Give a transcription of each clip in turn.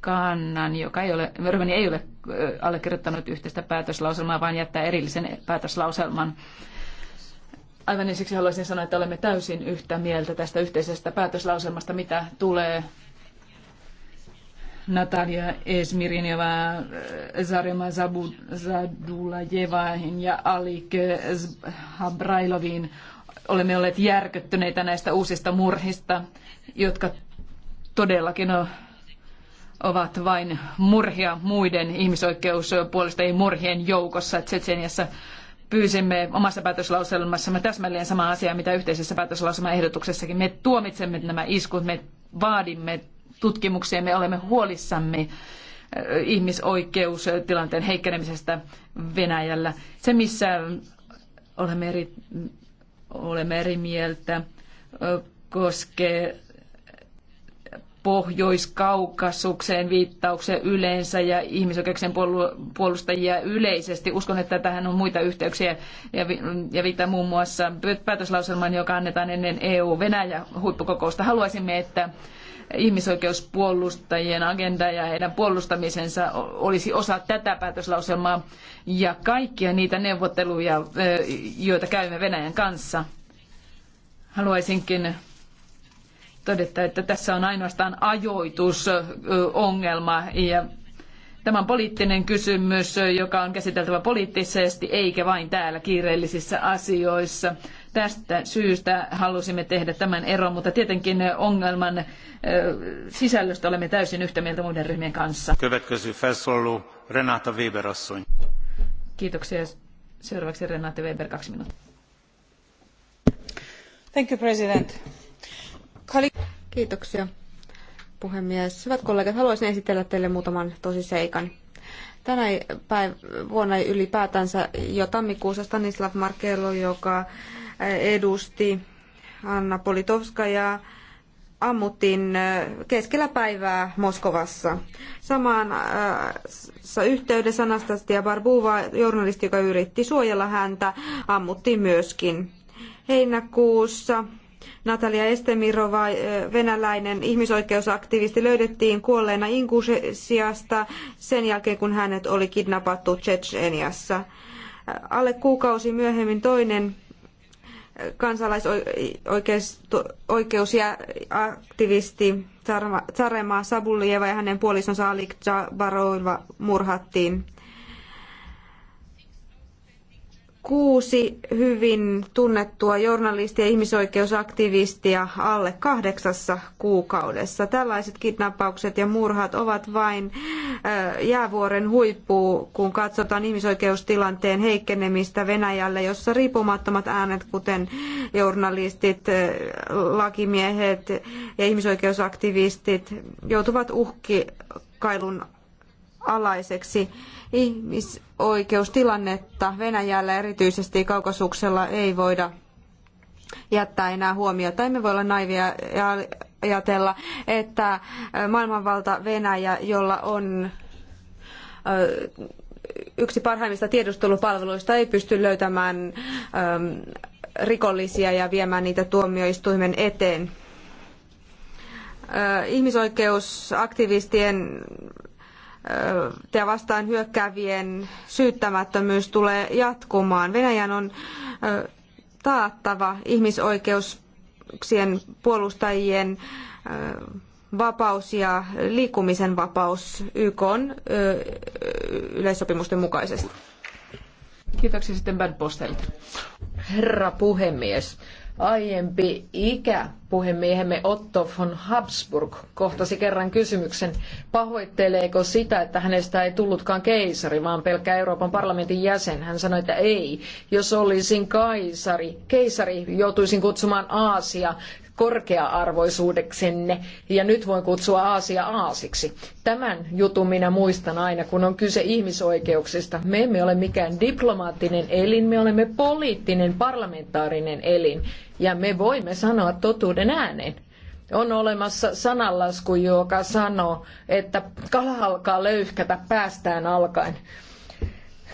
kannan, joka ei ole, Romania ei ole allekirjoittanut yhteistä päätöslauselmaa, vaan jättää erillisen päätöslauselman. Aivan ensiksi haluaisin sanoa, että olemme täysin yhtä mieltä tästä yhteisestä päätöslauselmasta, mitä tulee Natalia Esmirineva, Zarema Zadulajevaihin ja Alik Habrailoviin. Olemme olleet järkyttyneitä näistä uusista murhista, jotka todellakin ovat vain murhia muiden ihmisoikeuspuolustajien murhien joukossa Tsetseniassa pyysimme omassa päätöslauselmassamme täsmälleen samaa asiaa, mitä yhteisessä päätöslauselmaehdotuksessakin. Me tuomitsemme nämä iskut, me vaadimme tutkimuksia, me olemme huolissamme äh, ihmisoikeustilanteen heikkenemisestä Venäjällä. Se, missä olemme eri, olemme eri mieltä, koskee Pohjois-Kaukasukseen viittauksia yleensä ja ihmisoikeuksien puolustajia yleisesti. Uskon, että tähän on muita yhteyksiä ja, ja viittaa muun muassa päätöslauselman, joka annetaan ennen EU-Venäjä-huippukokousta. Haluaisimme, että ihmisoikeuspuolustajien agenda ja heidän puolustamisensa olisi osa tätä päätöslauselmaa ja kaikkia niitä neuvotteluja, joita käymme Venäjän kanssa. Haluaisinkin todeta, että tässä on ainoastaan ajoitusongelma ja Tämä on poliittinen kysymys, joka on käsiteltävä poliittisesti eikä vain täällä kiireellisissä asioissa. Tästä syystä halusimme tehdä tämän eron, mutta tietenkin ongelman sisällöstä olemme täysin yhtä mieltä muiden ryhmien kanssa. Renata Weber Kiitoksia. Seuraavaksi Renata Weber, kaksi minuuttia. Thank you, President Kiitoksia puhemies. Hyvät kollegat, haluaisin esitellä teille muutaman tosi seikan. Tänä päiv- vuonna ylipäätänsä jo tammikuussa Stanislav Markello, joka edusti Anna ja ammuttiin keskellä päivää Moskovassa. Samaan äh, yhteydessä Anastasia Barbuva, journalisti, joka yritti suojella häntä, ammuttiin myöskin. Heinäkuussa Natalia Estemirova, eh, venäläinen ihmisoikeusaktivisti, löydettiin kuolleena Ingusiasta sen jälkeen, kun hänet oli kidnappattu Tsetseniassa. Eh, alle kuukausi myöhemmin toinen eh, kansalaisoikeusaktivisti Tsarema Sabuljeva ja hänen puolisonsa Alik Jabarova murhattiin kuusi hyvin tunnettua journalistia ja ihmisoikeusaktivistia alle kahdeksassa kuukaudessa. Tällaiset kidnappaukset ja murhat ovat vain jäävuoren huippu, kun katsotaan ihmisoikeustilanteen heikkenemistä Venäjällä, jossa riippumattomat äänet, kuten journalistit, lakimiehet ja ihmisoikeusaktivistit, joutuvat uhkikailun alaiseksi. Ihmisoikeustilannetta Venäjällä erityisesti kaukasuksella ei voida jättää enää huomiota. Emme voi olla naivia ja ajatella, että maailmanvalta Venäjä, jolla on yksi parhaimmista tiedustelupalveluista, ei pysty löytämään rikollisia ja viemään niitä tuomioistuimen eteen. Ihmisoikeusaktivistien te vastaan hyökkäävien syyttämättömyys tulee jatkumaan. Venäjän on taattava ihmisoikeuksien puolustajien vapaus ja liikkumisen vapaus YK yleissopimusten mukaisesti. Kiitoksia sitten Bernd Herra puhemies, aiempi ikäpuhemiehemme Otto von Habsburg kohtasi kerran kysymyksen, pahoitteleeko sitä, että hänestä ei tullutkaan keisari, vaan pelkkä Euroopan parlamentin jäsen. Hän sanoi, että ei, jos olisin kaisari, keisari joutuisin kutsumaan Aasia korkea-arvoisuudeksenne ja nyt voin kutsua Aasia aasiksi. Tämän jutun minä muistan aina, kun on kyse ihmisoikeuksista. Me emme ole mikään diplomaattinen elin, me olemme poliittinen parlamentaarinen elin ja me voimme sanoa totuuden ääneen. On olemassa sananlasku, joka sanoo, että kala alkaa löyhkätä päästään alkaen.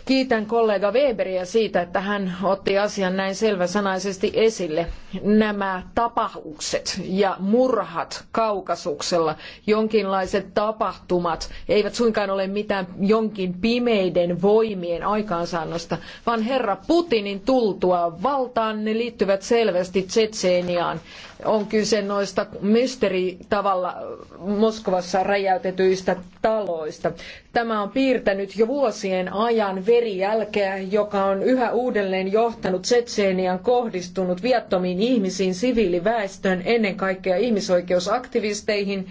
Kiitän kollega Weberiä siitä, että hän otti asian näin selväsanaisesti esille. Nämä tapaukset ja murhat kaukasuksella, jonkinlaiset tapahtumat, eivät suinkaan ole mitään jonkin pimeiden voimien aikaansaannosta, vaan herra Putinin tultua valtaan ne liittyvät selvästi Tsetseeniaan. On kyse noista mysteeritavalla Moskovassa räjäytetyistä taloista. Tämä on piirtänyt jo vuosien ajan verijälkeä, joka on yhä uudelleen johtanut Tsetseenian kohdistunut viattomiin ihmisiin, siviiliväestön, ennen kaikkea ihmisoikeusaktivisteihin,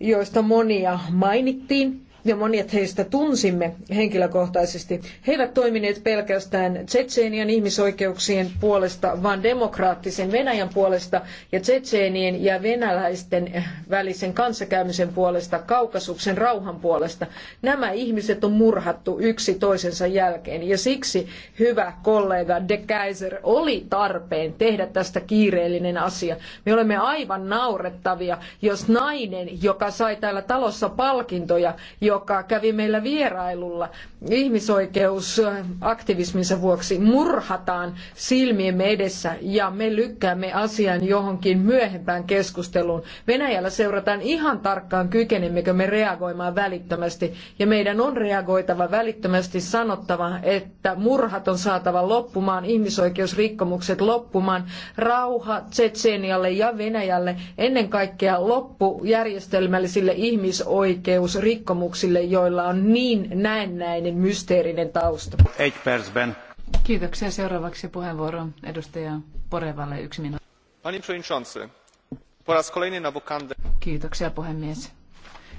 joista monia mainittiin ja monet heistä tunsimme henkilökohtaisesti. He eivät toimineet pelkästään Tsetseenian ihmisoikeuksien puolesta, vaan demokraattisen Venäjän puolesta ja Tsetseenien ja venäläisten eh, välisen kanssakäymisen puolesta, Kaukasuksen rauhan puolesta. Nämä ihmiset on murhattu yksi toisensa jälkeen ja siksi hyvä kollega De Kaiser oli tarpeen tehdä tästä kiireellinen asia. Me olemme aivan naurettavia, jos nainen, joka sai täällä talossa palkintoja, joka joka kävi meillä vierailulla ihmisoikeusaktivisminsa vuoksi, murhataan silmiemme edessä ja me lykkäämme asian johonkin myöhempään keskusteluun. Venäjällä seurataan ihan tarkkaan, kykenemmekö me reagoimaan välittömästi. Ja meidän on reagoitava välittömästi sanottava, että murhat on saatava loppumaan, ihmisoikeusrikkomukset loppumaan, rauha Tsetseenialle ja Venäjälle, ennen kaikkea loppu järjestelmällisille ihmisoikeusrikkomuksille ajatuksille, joilla on niin näennäinen mysteerinen tausta. Kiitoksia. Seuraavaksi puheenvuoro edustaja Porevalle yksi minuutti. Kiitoksia puhemies.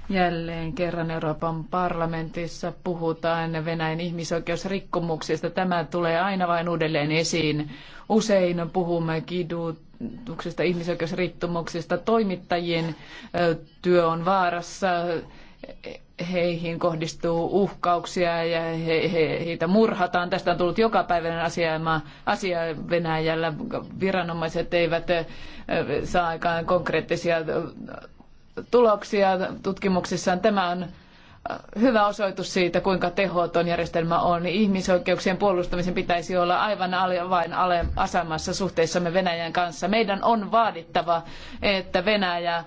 Jälleen kerran Euroopan parlamentissa puhutaan Venäjän ihmisoikeusrikkomuksista. Tämä tulee aina vain uudelleen esiin. Usein puhumme kidutuksesta, ihmisoikeusrikkomuksista. Toimittajien työ on vaarassa heihin kohdistuu uhkauksia ja he, he, heitä murhataan. Tästä on tullut päivän asia, asia Venäjällä. Viranomaiset eivät saa aikaan konkreettisia tuloksia tutkimuksissaan. Tämä on hyvä osoitus siitä, kuinka tehoton järjestelmä on. Ihmisoikeuksien puolustamisen pitäisi olla aivan vain asemassa suhteissamme Venäjän kanssa. Meidän on vaadittava, että Venäjä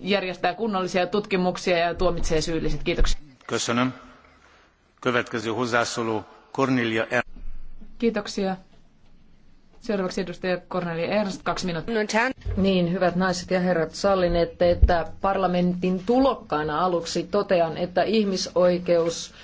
järjestää kunnollisia tutkimuksia ja tuomitsee syylliset. Kiitoksia. Köszönöm. Következő hozzászóló Cornelia er- Kiitoksia. Seuraavaksi edustaja Cornelia Ernst, kaksi minuuttia. No, niin, hyvät naiset ja herrat, sallin, että, että parlamentin tulokkaana aluksi totean, että ihmisoikeus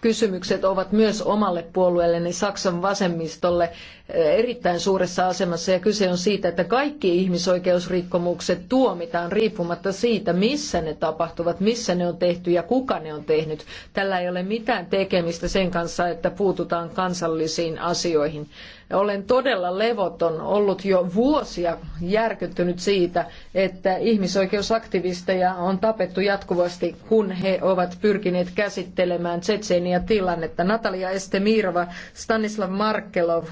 kysymykset ovat myös omalle puolueelleni Saksan vasemmistolle erittäin suuressa asemassa ja kyse on siitä, että kaikki ihmisoikeusrikkomukset tuomitaan riippumatta siitä, missä ne tapahtuvat, missä ne on tehty ja kuka ne on tehnyt. Tällä ei ole mitään tekemistä sen kanssa, että puututaan kansallisiin asioihin. Olen todella levoton ollut jo vuosia järkyttynyt siitä, että ihmisoikeusaktivisteja on tapettu jatkuvasti, kun he ovat pyrkineet käsittelemään Tsetseeniä tilannetta. Natalia Estemirova, Stanislav Markelov,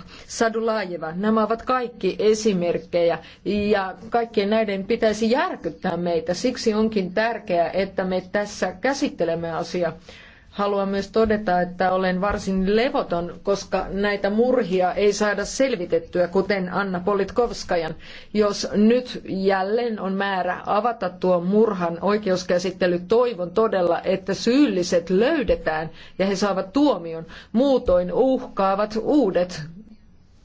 Sadulaajeva. Nämä ovat kaikki esimerkkejä ja kaikkien näiden pitäisi järkyttää meitä. Siksi onkin tärkeää, että me tässä käsittelemme asiaa. Haluan myös todeta, että olen varsin levoton, koska näitä murhia ei saada selvitettyä, kuten Anna Politkovskajan. Jos nyt jälleen on määrä avata tuo murhan oikeuskäsittely, toivon todella, että syylliset löydetään ja he saavat tuomion. Muutoin uhkaavat uudet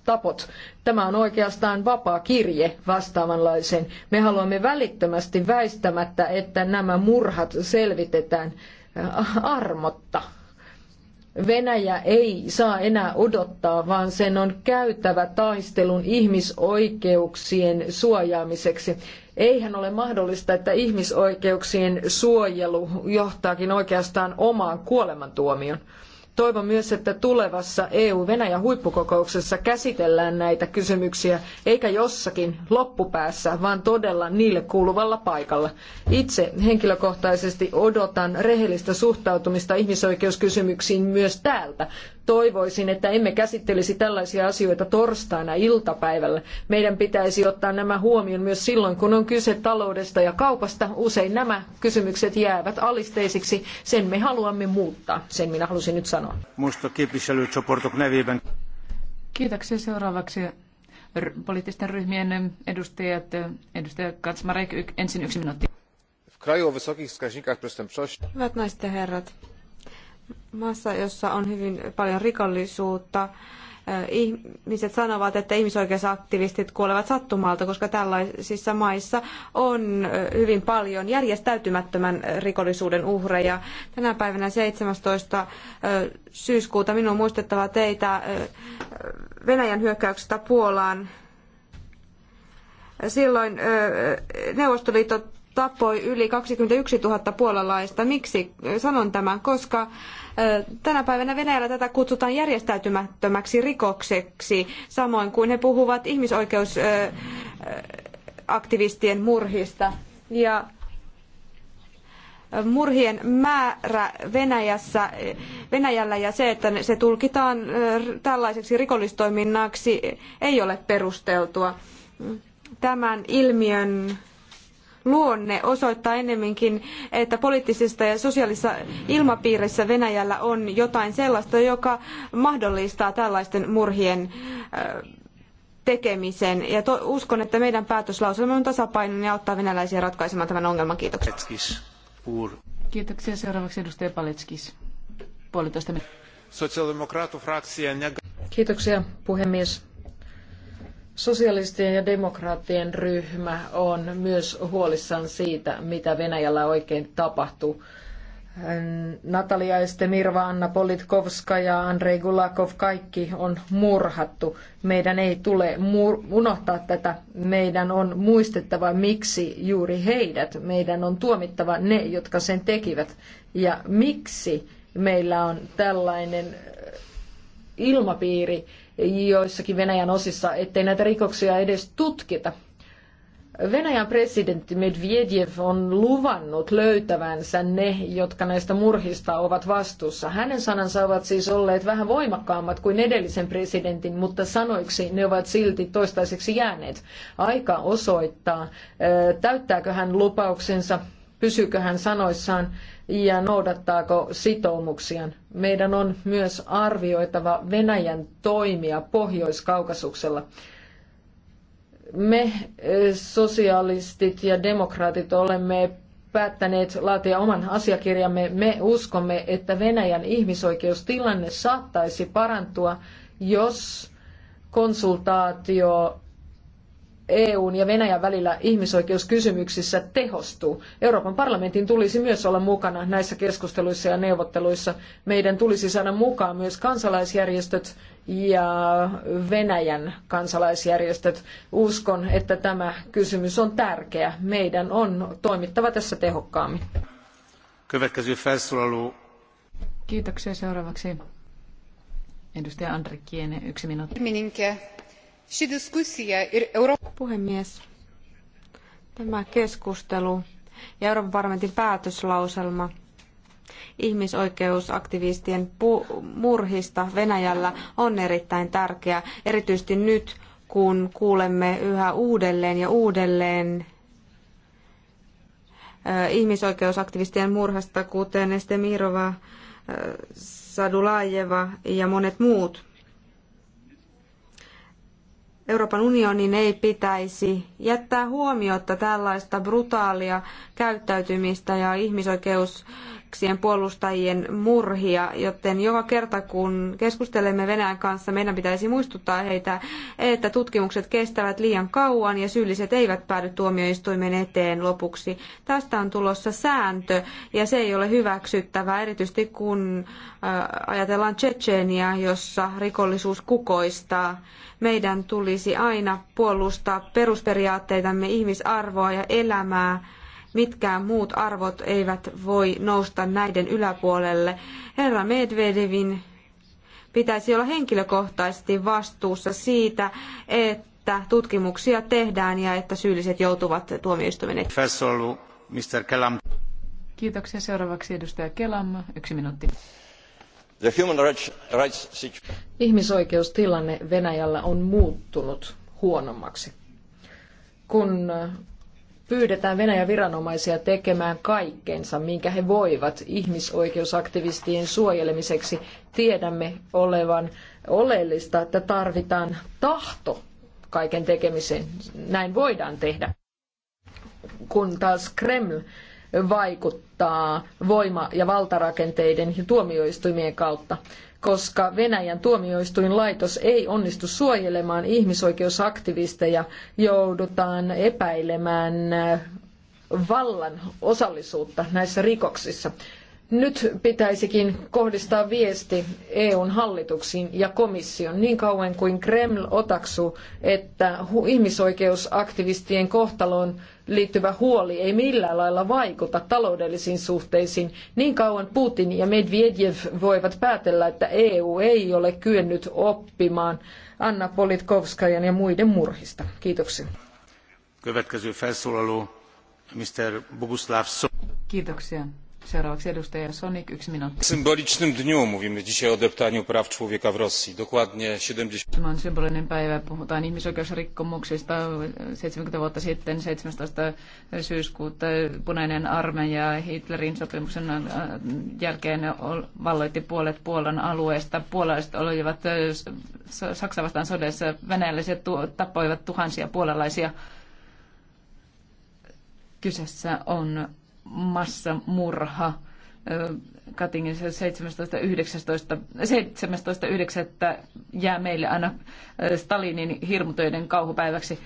tapot. Tämä on oikeastaan vapaa kirje vastaavanlaisen. Me haluamme välittömästi väistämättä, että nämä murhat selvitetään äh, armotta. Venäjä ei saa enää odottaa, vaan sen on käytävä taistelun ihmisoikeuksien suojaamiseksi. Eihän ole mahdollista, että ihmisoikeuksien suojelu johtaakin oikeastaan omaan kuolemantuomioon. Toivon myös, että tulevassa EU-Venäjä-huippukokouksessa käsitellään näitä kysymyksiä, eikä jossakin loppupäässä, vaan todella niille kuuluvalla paikalla. Itse henkilökohtaisesti odotan rehellistä suhtautumista ihmisoikeuskysymyksiin myös täältä, toivoisin, että emme käsittelisi tällaisia asioita torstaina iltapäivällä. Meidän pitäisi ottaa nämä huomioon myös silloin, kun on kyse taloudesta ja kaupasta. Usein nämä kysymykset jäävät alisteisiksi. Sen me haluamme muuttaa. Sen minä halusin nyt sanoa. Kiitoksia seuraavaksi poliittisten ryhmien edustajat. Edustaja Katsmarek, ensin yksi minuutti. W kraju Hyvät naiset ja herrat, maassa, jossa on hyvin paljon rikollisuutta, ihmiset sanovat, että ihmisoikeusaktivistit kuolevat sattumalta, koska tällaisissa maissa on hyvin paljon järjestäytymättömän rikollisuuden uhreja. Tänä päivänä 17. syyskuuta minun on muistettava teitä Venäjän hyökkäyksestä Puolaan. Silloin Neuvostoliitto tappoi yli 21 000 puolalaista. Miksi sanon tämän? Koska tänä päivänä Venäjällä tätä kutsutaan järjestäytymättömäksi rikokseksi, samoin kuin he puhuvat ihmisoikeusaktivistien murhista. Ja murhien määrä Venäjässä, Venäjällä ja se, että se tulkitaan tällaiseksi rikollistoiminnaksi, ei ole perusteltua. Tämän ilmiön luonne osoittaa ennemminkin, että poliittisessa ja sosiaalisessa ilmapiirissä Venäjällä on jotain sellaista, joka mahdollistaa tällaisten murhien tekemisen. Ja to, uskon, että meidän päätöslauselma on tasapainoinen ja auttaa venäläisiä ratkaisemaan tämän ongelman. Kiitoksia. Kiitoksia. Seuraavaksi edustaja Paletskis. Puolitoista Kiitoksia puhemies. Sosialistien ja demokraattien ryhmä on myös huolissaan siitä, mitä Venäjällä oikein tapahtuu. Natalia Estemirva, Anna Politkovska ja Andrei Gulakov, kaikki on murhattu. Meidän ei tule unohtaa tätä. Meidän on muistettava, miksi juuri heidät. Meidän on tuomittava ne, jotka sen tekivät. Ja miksi meillä on tällainen äh, ilmapiiri, joissakin Venäjän osissa, ettei näitä rikoksia edes tutkita. Venäjän presidentti Medvedev on luvannut löytävänsä ne, jotka näistä murhista ovat vastuussa. Hänen sanansa ovat siis olleet vähän voimakkaammat kuin edellisen presidentin, mutta sanoiksi ne ovat silti toistaiseksi jääneet. Aika osoittaa, täyttääkö hän lupauksensa, pysyykö hän sanoissaan ja noudattaako sitoumuksiaan. Meidän on myös arvioitava Venäjän toimia Pohjois-Kaukasuksella. Me eh, sosialistit ja demokraatit olemme päättäneet laatia oman asiakirjamme. Me uskomme, että Venäjän ihmisoikeustilanne saattaisi parantua, jos konsultaatio EUn ja Venäjän välillä ihmisoikeuskysymyksissä tehostuu. Euroopan parlamentin tulisi myös olla mukana näissä keskusteluissa ja neuvotteluissa. Meidän tulisi saada mukaan myös kansalaisjärjestöt ja Venäjän kansalaisjärjestöt. Uskon, että tämä kysymys on tärkeä. Meidän on toimittava tässä tehokkaammin. Kiitoksia. Seuraavaksi edustaja Andri Kiene, yksi minuutti. Puhemies, tämä keskustelu ja Euroopan parlamentin päätöslauselma ihmisoikeusaktivistien murhista Venäjällä on erittäin tärkeä, erityisesti nyt, kun kuulemme yhä uudelleen ja uudelleen ihmisoikeusaktivistien murhasta, kuten Estemirova, Sadulajeva ja monet muut. Euroopan unionin ei pitäisi jättää huomiota tällaista brutaalia käyttäytymistä ja ihmisoikeus ihmisoikeuksien puolustajien murhia, joten joka kerta kun keskustelemme Venäjän kanssa, meidän pitäisi muistuttaa heitä, että tutkimukset kestävät liian kauan ja syylliset eivät päädy tuomioistuimen eteen lopuksi. Tästä on tulossa sääntö ja se ei ole hyväksyttävää, erityisesti kun äh, ajatellaan Tsetseeniä, jossa rikollisuus kukoistaa. Meidän tulisi aina puolustaa perusperiaatteitamme, ihmisarvoa ja elämää mitkään muut arvot eivät voi nousta näiden yläpuolelle. Herra Medvedevin pitäisi olla henkilökohtaisesti vastuussa siitä, että tutkimuksia tehdään ja että syylliset joutuvat tuomioistuimen eteen. Kiitoksia. Seuraavaksi edustaja Kelam. Yksi minuutti. The human rights situation. Ihmisoikeustilanne Venäjällä on muuttunut huonommaksi. Kun pyydetään Venäjän viranomaisia tekemään kaikkensa, minkä he voivat ihmisoikeusaktivistien suojelemiseksi. Tiedämme olevan oleellista, että tarvitaan tahto kaiken tekemiseen. Näin voidaan tehdä. Kun taas Kreml vaikuttaa voima- ja valtarakenteiden ja tuomioistuimien kautta, koska Venäjän tuomioistuinlaitos ei onnistu suojelemaan ihmisoikeusaktivisteja, joudutaan epäilemään äh, vallan osallisuutta näissä rikoksissa. Nyt pitäisikin kohdistaa viesti EUn hallituksiin ja komission niin kauan kuin Kreml otaksuu, että ihmisoikeusaktivistien kohtaloon liittyvä huoli ei millään lailla vaikuta taloudellisiin suhteisiin. Niin kauan Putin ja Medvedev voivat päätellä, että EU ei ole kyennyt oppimaan Anna Politkovskajan ja muiden murhista. Kiitoksia. Kiitoksia. Seuraavaksi edustaja Sonik, yksi minuutti. Symbolicznym dniu mówimy dzisiaj o deptaniu praw człowieka w Rosji. Dokładnie 70... on symbolinen päivä. Puhutaan ihmisoikeusrikkomuksista 70 vuotta sitten, 17. syyskuuta. Punainen armeija Hitlerin sopimuksen äh, jälkeen valloitti puolet Puolan Puolalaiset olivat äh, Saksa vastaan sodassa. Venäläiset tapoivat tuhansia puolalaisia. Kyseessä on massamurha Katingissa 17.9. jää meille aina Stalinin hirmutöiden kauhupäiväksi.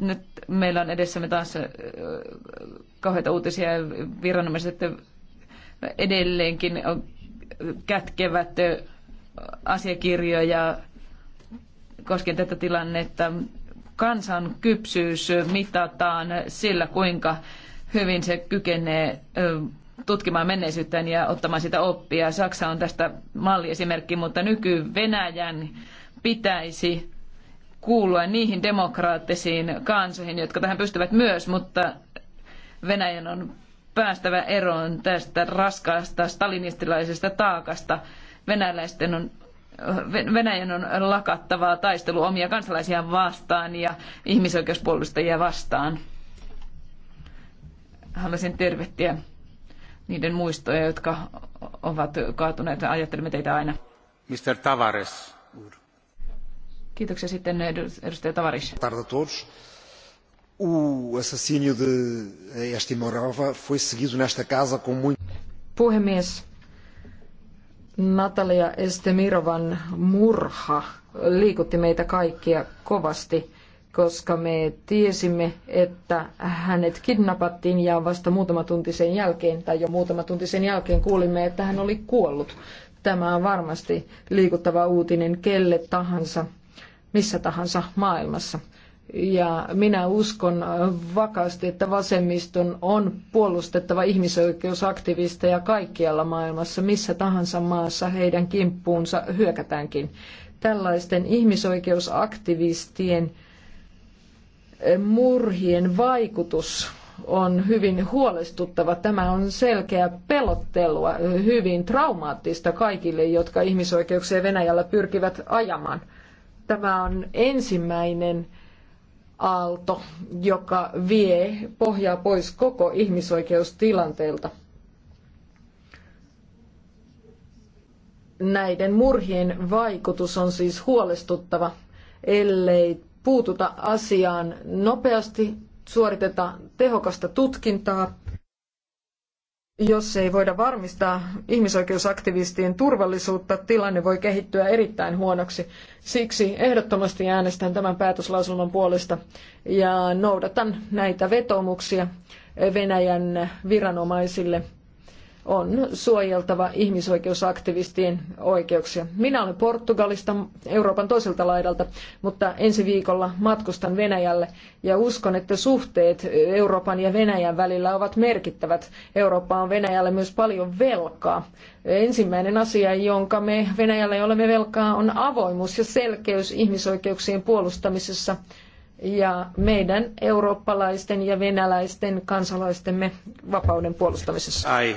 Nyt meillä on edessämme taas kauheita uutisia ja viranomaiset edelleenkin kätkevät asiakirjoja koskien tätä tilannetta kansan kypsyys mitataan sillä, kuinka hyvin se kykenee tutkimaan menneisyyttään ja ottamaan sitä oppia. Saksa on tästä malliesimerkki, mutta nyky-Venäjän pitäisi kuulua niihin demokraattisiin kansoihin, jotka tähän pystyvät myös, mutta Venäjän on päästävä eroon tästä raskaasta stalinistilaisesta taakasta. Venäläisten on Venäjän on lakattava taistelu omia kansalaisiaan vastaan ja ihmisoikeuspuolustajia vastaan. Haluaisin tervehtiä niiden muistoja, jotka ovat kaatuneet. Ajattelemme teitä aina. Mr. Tavares. Kiitoksia sitten edustaja Tavares. O de Estimorova foi seguido nesta casa com muito... Puhemies, Natalia Estemirovan murha liikutti meitä kaikkia kovasti, koska me tiesimme, että hänet kidnappattiin ja vasta muutama tunti sen jälkeen, tai jo muutama tunti sen jälkeen kuulimme, että hän oli kuollut. Tämä on varmasti liikuttava uutinen kelle tahansa, missä tahansa maailmassa. Ja minä uskon vakaasti, että vasemmiston on puolustettava ihmisoikeusaktivisteja kaikkialla maailmassa, missä tahansa maassa heidän kimppuunsa hyökätäänkin. Tällaisten ihmisoikeusaktivistien eh, murhien vaikutus on hyvin huolestuttava. Tämä on selkeä pelottelua, hyvin traumaattista kaikille, jotka ihmisoikeuksia Venäjällä pyrkivät ajamaan. Tämä on ensimmäinen aalto, joka vie pohjaa pois koko ihmisoikeustilanteelta. Näiden murhien vaikutus on siis huolestuttava, ellei puututa asiaan nopeasti, suoriteta tehokasta tutkintaa jos ei voida varmistaa ihmisoikeusaktivistien turvallisuutta, tilanne voi kehittyä erittäin huonoksi. Siksi ehdottomasti äänestän tämän päätöslauselman puolesta ja noudatan näitä vetomuksia Venäjän viranomaisille on suojeltava ihmisoikeusaktivistien oikeuksia. Minä olen Portugalista, Euroopan toiselta laidalta, mutta ensi viikolla matkustan Venäjälle ja uskon, että suhteet Euroopan ja Venäjän välillä ovat merkittävät. Eurooppa on Venäjälle myös paljon velkaa. Ensimmäinen asia, jonka me Venäjälle olemme velkaa, on avoimuus ja selkeys ihmisoikeuksien puolustamisessa ja meidän eurooppalaisten ja venäläisten kansalaistemme vapauden puolustamisessa. Ai.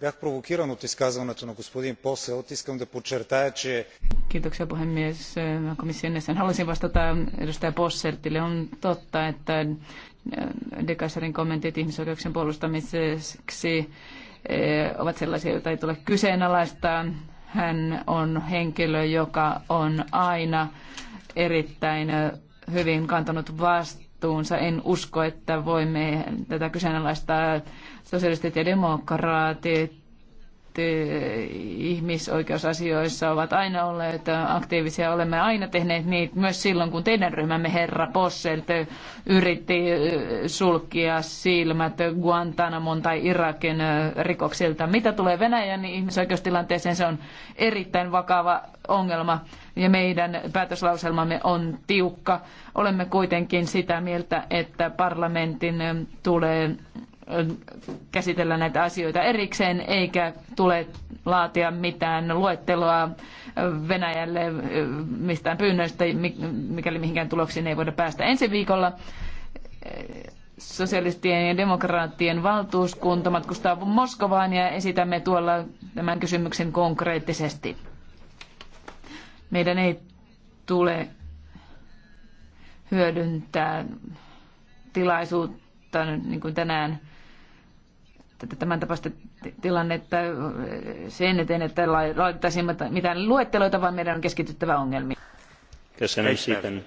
Бях провокиран от изказването на господин Поселт. Искам да подчертая, че... Kiitoksia puhemies. Komission jäsen Halusin vastata edustaja Posseltille. On totta, että äh, Dekasarin kommentit ihmisoikeuksien puolustamiseksi äh, ovat sellaisia, joita ei tule kyseenalaistaa. Hän on henkilö, joka on aina erittäin äh, hyvin kantanut vastuun vastuunsa. En usko, että voimme tätä kyseenalaistaa sosialistit ja demokraatit ihmisoikeusasioissa ovat aina olleet aktiivisia. Olemme aina tehneet niitä myös silloin, kun teidän ryhmämme herra Posselt yritti sulkia silmät Guantanamon tai Irakin rikoksilta. Mitä tulee Venäjän niin ihmisoikeustilanteeseen, se on erittäin vakava ongelma ja meidän päätöslauselmamme on tiukka. Olemme kuitenkin sitä mieltä, että parlamentin tulee käsitellä näitä asioita erikseen, eikä tule laatia mitään luetteloa Venäjälle mistään pyynnöistä, mikäli mihinkään tuloksiin ei voida päästä. Ensi viikolla eh, sosialistien ja demokraattien valtuuskunta matkustaa Moskovaan ja esitämme tuolla tämän kysymyksen konkreettisesti. Meidän ei tule hyödyntää tilaisuutta on niin kuin tänään tämän tapaista tilannetta sen eteen, että laitettaisiin mitään luetteloita, vaan meidän on keskityttävä ongelmiin. Köszönöm szépen.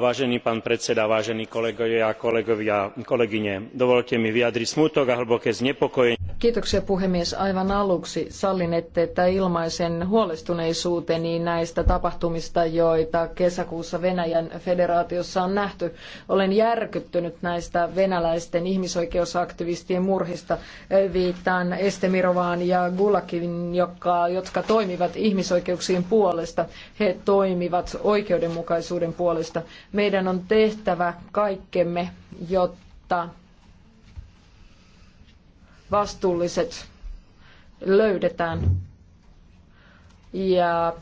Vážený pán predseda, vážení kolegovia a kolegovia, kolegyne, dovolte mi vyjadriť smutok a hlboké znepokojenie. Kiitoksia puhemies. Aivan aluksi sallinette, että ilmaisen huolestuneisuuteni näistä tapahtumista, joita kesäkuussa Venäjän federaatiossa on nähty. Olen järkyttynyt näistä venäläisten ihmisoikeusaktivistien murhista. Viittaan Estemirovaan ja Gulakin, jotka, jotka toimivat ihmisoikeuksien puolesta. He toimivat oikeudenmukaisuuden puolesta. Meidän on tehtävä kaikkemme, jotta vastuulliset löydetään. Ja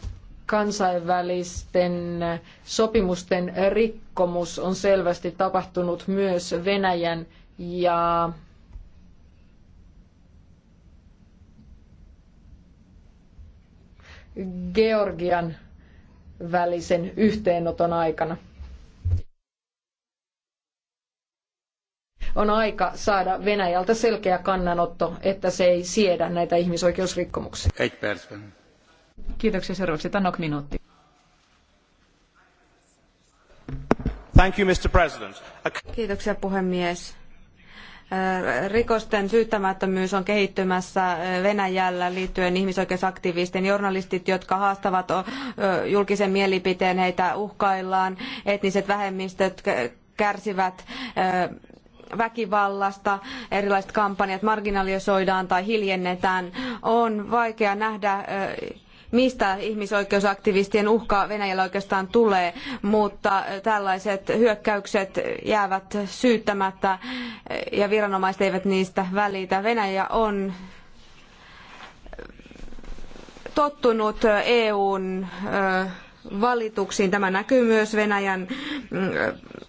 kansainvälisten sopimusten rikkomus on selvästi tapahtunut myös Venäjän ja Georgian välisen yhteenoton aikana. On aika saada Venäjältä selkeä kannanotto, että se ei siedä näitä ihmisoikeusrikkomuksia. Kiitoksia. Seuraavaksi Tanok minuutti. Thank you, Mr. President. Kiitoksia puhemies. Rikosten syyttämättömyys on kehittymässä Venäjällä liittyen ihmisoikeusaktivistien journalistit, jotka haastavat julkisen mielipiteen, heitä uhkaillaan, etniset vähemmistöt kärsivät väkivallasta, erilaiset kampanjat marginalisoidaan tai hiljennetään. On vaikea nähdä mistä ihmisoikeusaktivistien uhka Venäjällä oikeastaan tulee, mutta tällaiset hyökkäykset jäävät syyttämättä ja viranomaiset eivät niistä välitä. Venäjä on tottunut EUn ö, valituksiin. Tämä näkyy myös Venäjän mm,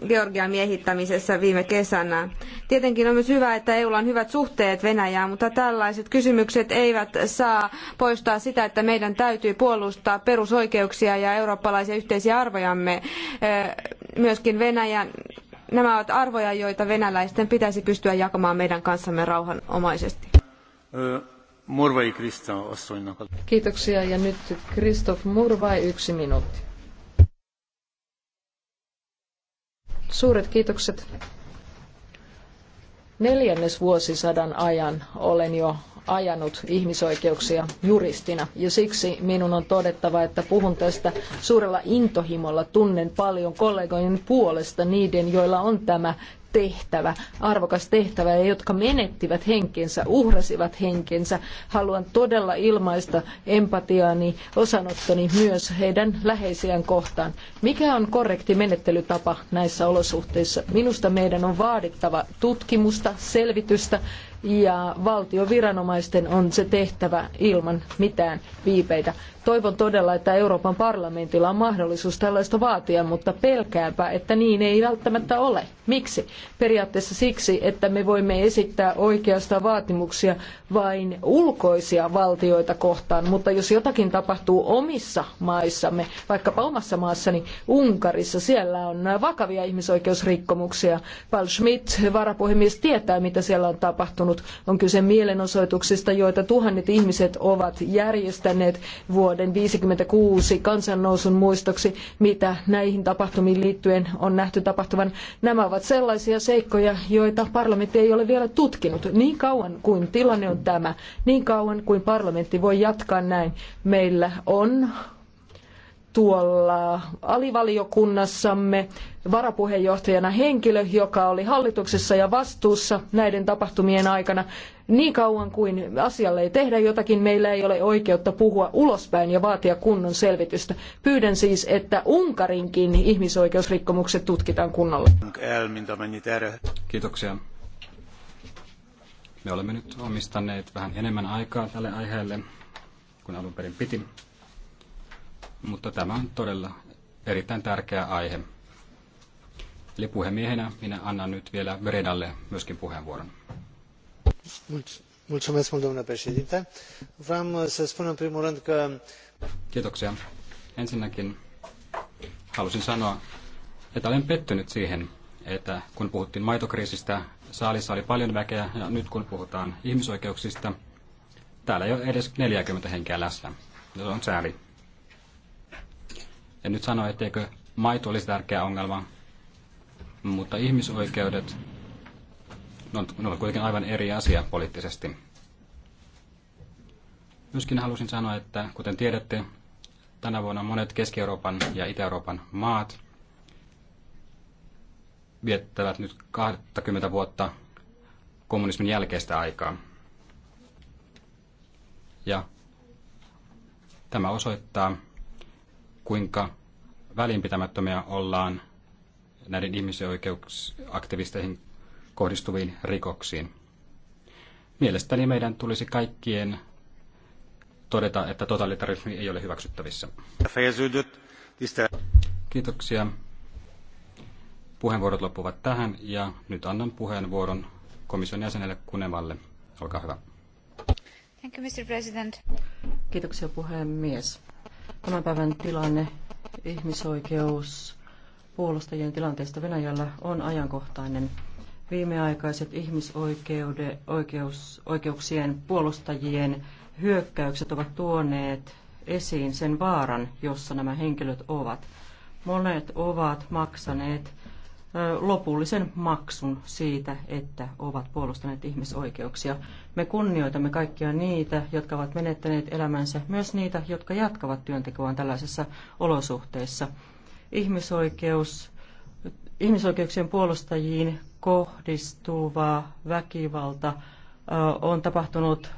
Georgian miehittämisessä viime kesänä. Tietenkin on myös hyvä, että EUlla on hyvät suhteet Venäjään, mutta tällaiset kysymykset eivät saa poistaa sitä, että meidän täytyy puolustaa perusoikeuksia ja eurooppalaisia yhteisiä arvojamme. Myöskin Venäjän Nämä ovat arvoja, joita venäläisten pitäisi pystyä jakamaan meidän kanssamme rauhanomaisesti. Murvai Krista Kiitoksia ja nyt Kristof Murvai yksi minuutti. Suuret kiitokset. Neljännes vuosisadan ajan olen jo ajanut ihmisoikeuksia juristina ja siksi minun on todettava, että puhun tästä suurella intohimolla, tunnen paljon kollegojen puolesta niiden, joilla on tämä tehtävä, arvokas tehtävä, ja jotka menettivät henkensä, uhrasivat henkensä. Haluan todella ilmaista empatiaani, osanottoni myös heidän läheisiään kohtaan. Mikä on korrekti menettelytapa näissä olosuhteissa? Minusta meidän on vaadittava tutkimusta, selvitystä ja valtion viranomaisten on se tehtävä ilman mitään viipeitä. Toivon todella, että Euroopan parlamentilla on mahdollisuus tällaista vaatia, mutta pelkäänpä, että niin ei välttämättä ole. Miksi? Periaatteessa siksi, että me voimme esittää oikeastaan vaatimuksia vain ulkoisia valtioita kohtaan, mutta jos jotakin tapahtuu omissa maissamme, vaikkapa omassa maassani Unkarissa, siellä on vakavia ihmisoikeusrikkomuksia. Paul Schmidt, varapuhemies, tietää, mitä siellä on tapahtunut tapahtunut. On kyse mielenosoituksista, joita tuhannet ihmiset ovat järjestäneet vuoden 1956 kansannousun muistoksi, mitä näihin tapahtumiin liittyen on nähty tapahtuvan. Nämä ovat sellaisia seikkoja, joita parlamentti ei ole vielä tutkinut. Niin kauan kuin tilanne on tämä, niin kauan kuin parlamentti voi jatkaa näin, meillä on tuolla alivaliokunnassamme varapuheenjohtajana henkilö, joka oli hallituksessa ja vastuussa näiden tapahtumien aikana. Niin kauan kuin asialle ei tehdä jotakin, meillä ei ole oikeutta puhua ulospäin ja vaatia kunnon selvitystä. Pyydän siis, että Unkarinkin ihmisoikeusrikkomukset tutkitaan kunnolla. Kiitoksia. Me olemme nyt omistaneet vähän enemmän aikaa tälle aiheelle kuin alun perin piti mutta tämä on todella erittäin tärkeä aihe. Eli puhemiehenä minä annan nyt vielä Bredalle myöskin puheenvuoron. Mulțumesc mult, domnule președinte. Vreau uh, să spun în primul rând că... Kiitoksia. Ensinnäkin halusin sanoa, että olen pettynyt siihen, että kun puhuttiin maitokriisistä, saalissa oli paljon väkeä ja nyt kun puhutaan ihmisoikeuksista, täällä ei ole edes 40 henkeä läsnä. Se on sääli. En nyt sano, etteikö maito olisi tärkeä ongelma, mutta ihmisoikeudet no, ne ovat kuitenkin aivan eri asia poliittisesti. Myöskin halusin sanoa, että kuten tiedätte, tänä vuonna monet Keski-Euroopan ja Itä-Euroopan maat viettävät nyt 20 vuotta kommunismin jälkeistä aikaa. Ja tämä osoittaa, kuinka välinpitämättömiä ollaan näiden ihmisoikeusaktivisteihin kohdistuviin rikoksiin. Mielestäni meidän tulisi kaikkien todeta, että totalitarismi ei ole hyväksyttävissä. Kiitoksia. Puheenvuorot loppuvat tähän ja nyt annan puheenvuoron komission jäsenelle Kunevalle. Olkaa hyvä. Thank you, Mr. President. Kiitoksia puhemies. Tämän päivän tilanne ihmisoikeus puolustajien tilanteesta Venäjällä on ajankohtainen. Viimeaikaiset ihmisoikeuksien puolustajien hyökkäykset ovat tuoneet esiin sen vaaran, jossa nämä henkilöt ovat. Monet ovat maksaneet lopullisen maksun siitä, että ovat puolustaneet ihmisoikeuksia. Me kunnioitamme kaikkia niitä, jotka ovat menettäneet elämänsä, myös niitä, jotka jatkavat työntekoaan tällaisessa olosuhteessa. Ihmisoikeus, ihmisoikeuksien puolustajiin kohdistuva väkivalta on tapahtunut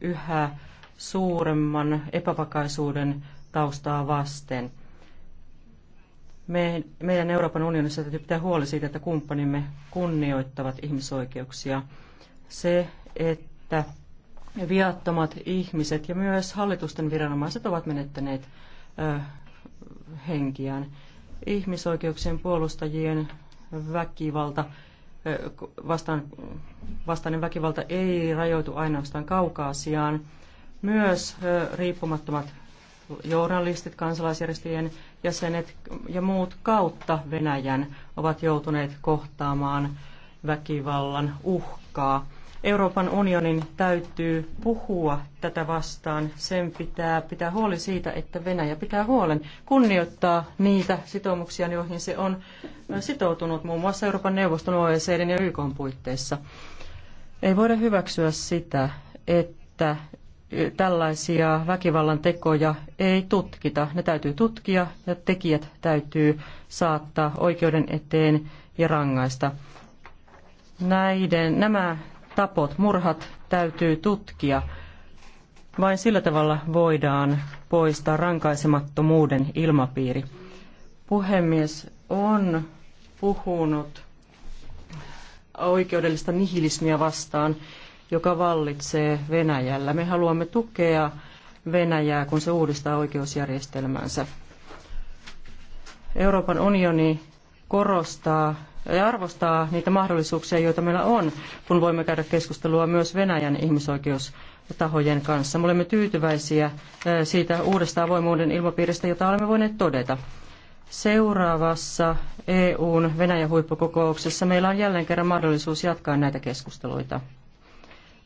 yhä suuremman epävakaisuuden taustaa vasten meidän Euroopan unionissa täytyy pitää huoli siitä, että kumppanimme kunnioittavat ihmisoikeuksia. Se, että viattomat ihmiset ja myös hallitusten viranomaiset ovat menettäneet henkiään. Ihmisoikeuksien puolustajien väkivalta, vastaan, vastainen väkivalta ei rajoitu ainoastaan kaukaasiaan. Myös riippumattomat journalistit, kansalaisjärjestöjen jäsenet ja muut kautta Venäjän ovat joutuneet kohtaamaan väkivallan uhkaa. Euroopan unionin täytyy puhua tätä vastaan. Sen pitää pitää huoli siitä, että Venäjä pitää huolen, kunnioittaa niitä sitoumuksia, joihin se on sitoutunut muun muassa Euroopan neuvoston, OECDn ja YK puitteissa. Ei voida hyväksyä sitä, että tällaisia väkivallan tekoja ei tutkita. Ne täytyy tutkia ja tekijät täytyy saattaa oikeuden eteen ja rangaista. Näiden, nämä tapot, murhat täytyy tutkia. Vain sillä tavalla voidaan poistaa rankaisemattomuuden ilmapiiri. Puhemies on puhunut oikeudellista nihilismiä vastaan joka vallitsee Venäjällä. Me haluamme tukea Venäjää, kun se uudistaa oikeusjärjestelmänsä. Euroopan unioni korostaa ja arvostaa niitä mahdollisuuksia, joita meillä on, kun voimme käydä keskustelua myös Venäjän ihmisoikeustahojen kanssa. Me olemme tyytyväisiä siitä uudesta avoimuuden ilmapiiristä, jota olemme voineet todeta. Seuraavassa EUn Venäjän huippukokouksessa meillä on jälleen kerran mahdollisuus jatkaa näitä keskusteluita.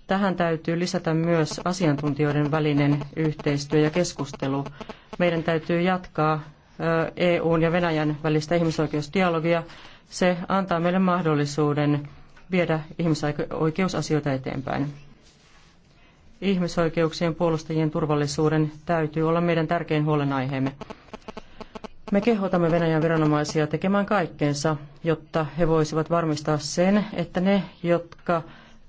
Tähän täytyy lisätä myös asiantuntijoiden välinen yhteistyö ja keskustelu. Meidän täytyy jatkaa EUn ja Venäjän välistä ihmisoikeusdialogia. Se antaa meille mahdollisuuden viedä ihmisoikeusasioita eteenpäin. Ihmisoikeuksien puolustajien turvallisuuden täytyy olla meidän tärkein huolenaiheemme. Me kehotamme Venäjän viranomaisia tekemään kaikkensa, jotta he voisivat varmistaa sen, että ne, jotka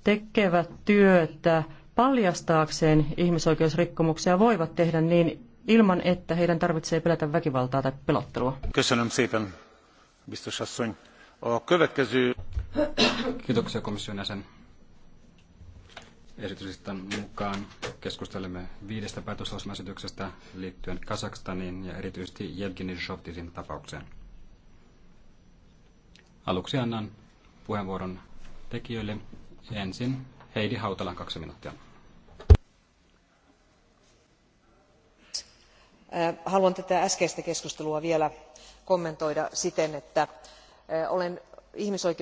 tekevät työtä paljastaakseen ihmisoikeusrikkomuksia, voivat tehdä niin ilman, että heidän tarvitsee pelätä väkivaltaa tai pelottelua. Kiitoksia komission jäsen. Esityslistan mukaan keskustelemme viidestä päätöslausmaesityksestä liittyen Kazakstaniin ja erityisesti Jevgeni Shoftisin tapaukseen. Aluksi annan puheenvuoron tekijöille Ensin Heidi Hautalan kaksi minuuttia. Haluan tätä äskeistä keskustelua vielä kommentoida siten, että olen ihmisoikeus